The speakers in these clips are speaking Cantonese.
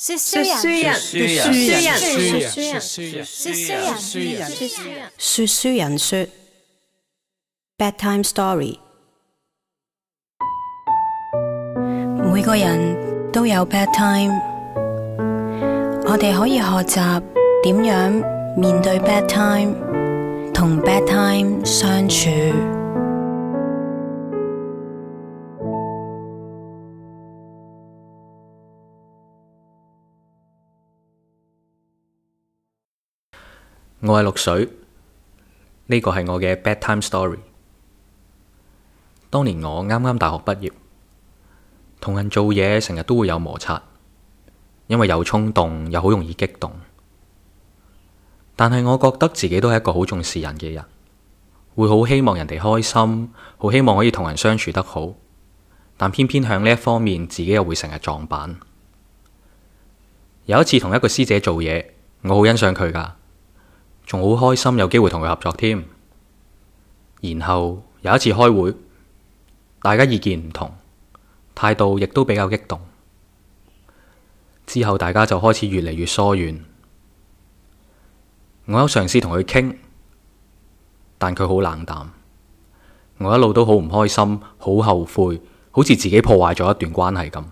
說書人，說書人，說書人，說書人，說書人，說書人，說書人，說書人。說書人說：bad time story。每個人都有 bad time，我哋可以學習點樣面對 bad time，同 bad time 相處。我係綠水，呢個係我嘅 bad time story。當年我啱啱大學畢業，同人做嘢成日都會有摩擦，因為有衝動又好容易激動。但係我覺得自己都係一個好重視人嘅人，會好希望人哋開心，好希望可以同人相處得好。但偏偏響呢一方面，自己又會成日撞板。有一次同一個師姐做嘢，我好欣賞佢㗎。仲好開心，有機會同佢合作添。然後有一次開會，大家意見唔同，態度亦都比較激動。之後大家就開始越嚟越疏遠。我有嘗試同佢傾，但佢好冷淡。我一路都好唔開心，好後悔，好似自己破壞咗一段關係咁。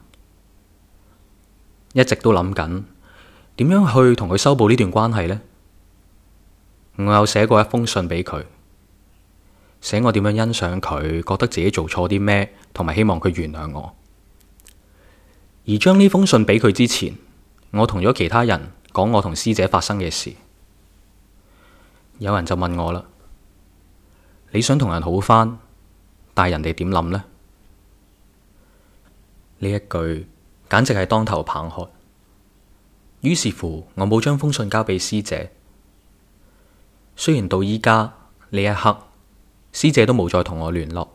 一直都諗緊點樣去同佢修補呢段關係呢？我有寫過一封信俾佢，寫我點樣欣賞佢，覺得自己做錯啲咩，同埋希望佢原諒我。而將呢封信俾佢之前，我同咗其他人講我同師姐發生嘅事，有人就問我啦：你想同人好翻，但係人哋點諗呢？呢一句簡直係當頭棒喝。於是乎，我冇將封信交俾師姐。雖然到依家呢一刻，師姐都冇再同我聯絡，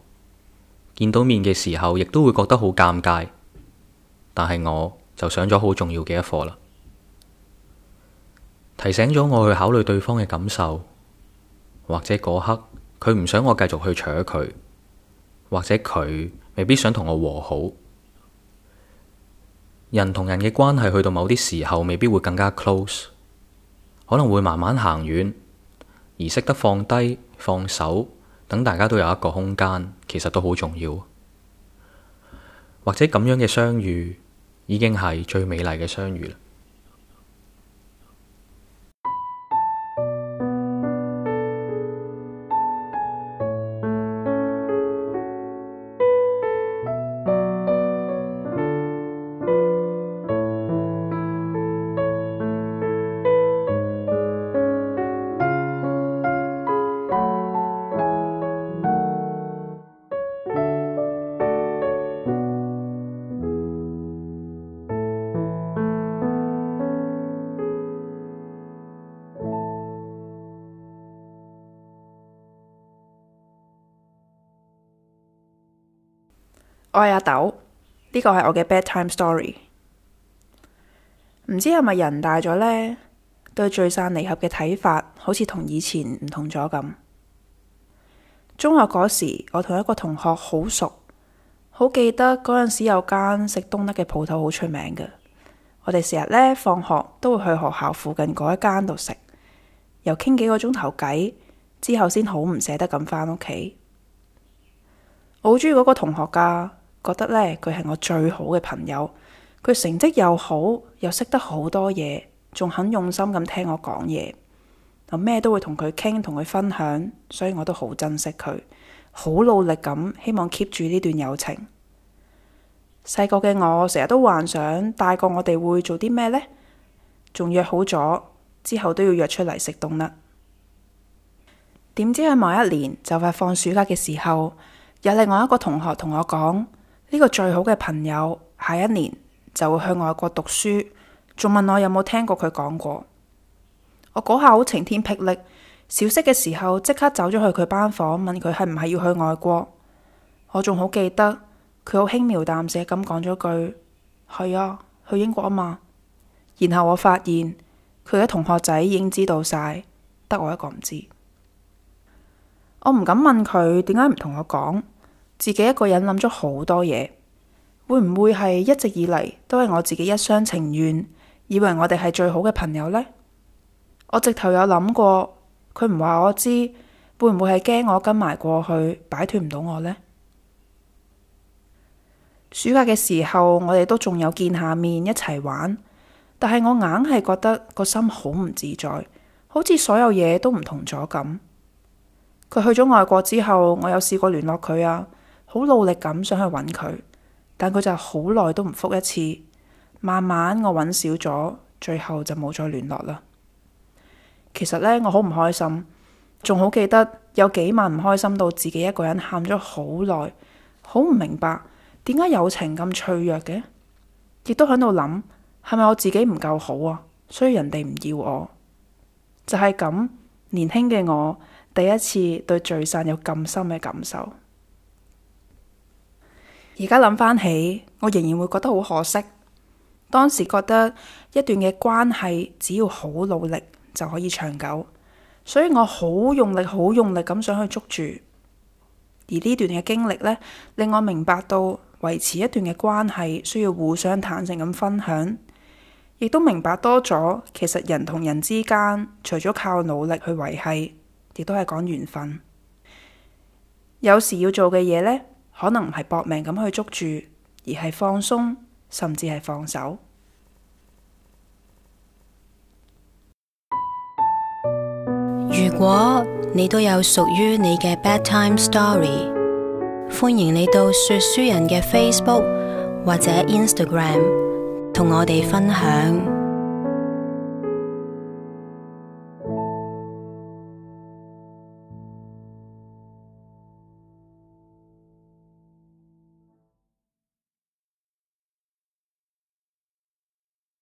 見到面嘅時候亦都會覺得好尷尬。但係我就上咗好重要嘅一課啦，提醒咗我去考慮對方嘅感受，或者嗰刻佢唔想我繼續去扯佢，或者佢未必想同我和好。人同人嘅關係去到某啲時候，未必會更加 close，可能會慢慢行遠。而識得放低、放手，等大家都有一個空間，其實都好重要。或者咁樣嘅相遇，已經係最美麗嘅相遇啦。我係阿豆，呢個係我嘅 bad time story，唔知係咪人大咗呢？對聚散離合嘅睇法好似同以前唔同咗咁。中學嗰時，我同一個同學好熟，好記得嗰陣時有間食東德嘅鋪頭好出名嘅，我哋成日呢，放學都會去學校附近嗰一間度食，又傾幾個鐘頭偈，之後先好唔捨得咁返屋企。我好中意嗰個同學噶。覺得呢，佢係我最好嘅朋友，佢成績又好，又識得好多嘢，仲肯用心咁聽我講嘢，我咩都會同佢傾，同佢分享，所以我都好珍惜佢，好努力咁希望 keep 住呢段友情。細個嘅我成日都幻想大個我哋會做啲咩呢？仲約好咗之後都要約出嚟食凍啦。點知喺某一年就快放暑假嘅時候，有另外一個同學同我講。呢個最好嘅朋友，下一年就會去外國讀書，仲問我有冇聽過佢講過。我嗰下好晴天霹靂，小息嘅時候即刻走咗去佢班房，問佢係唔係要去外國。我仲好記得，佢好輕描淡寫咁講咗句：係啊，去英國吖嘛。然後我發現佢嘅同學仔已經知道晒，得我一個唔知。我唔敢問佢點解唔同我講。自己一個人諗咗好多嘢，會唔會係一直以嚟都係我自己一廂情願，以為我哋係最好嘅朋友呢？我直頭有諗過，佢唔話我知，會唔會係驚我跟埋過去，擺脫唔到我呢？暑假嘅時候，我哋都仲有見下面一齊玩，但係我硬係覺得個心好唔自在，好似所有嘢都唔同咗咁。佢去咗外國之後，我有試過聯絡佢啊。好努力咁想去揾佢，但佢就係好耐都唔覆一次。慢慢我揾少咗，最後就冇再聯絡啦。其實呢，我好唔開心，仲好記得有幾晚唔開心到自己一個人喊咗好耐，好唔明白點解友情咁脆弱嘅，亦都喺度諗係咪我自己唔夠好啊，所以人哋唔要我。就係咁，年輕嘅我第一次對聚散有咁深嘅感受。而家諗翻起，我仍然會覺得好可惜。當時覺得一段嘅關係只要好努力就可以長久，所以我好用力、好用力咁想去捉住。而呢段嘅經歷呢，令我明白到維持一段嘅關係需要互相坦誠咁分享，亦都明白多咗其實人同人之間除咗靠努力去維繫，亦都係講緣分。有時要做嘅嘢呢。可能唔係搏命咁去捉住，而係放鬆，甚至係放手。如果你都有屬於你嘅 bad time story，歡迎你到說書人嘅 Facebook 或者 Instagram 同我哋分享。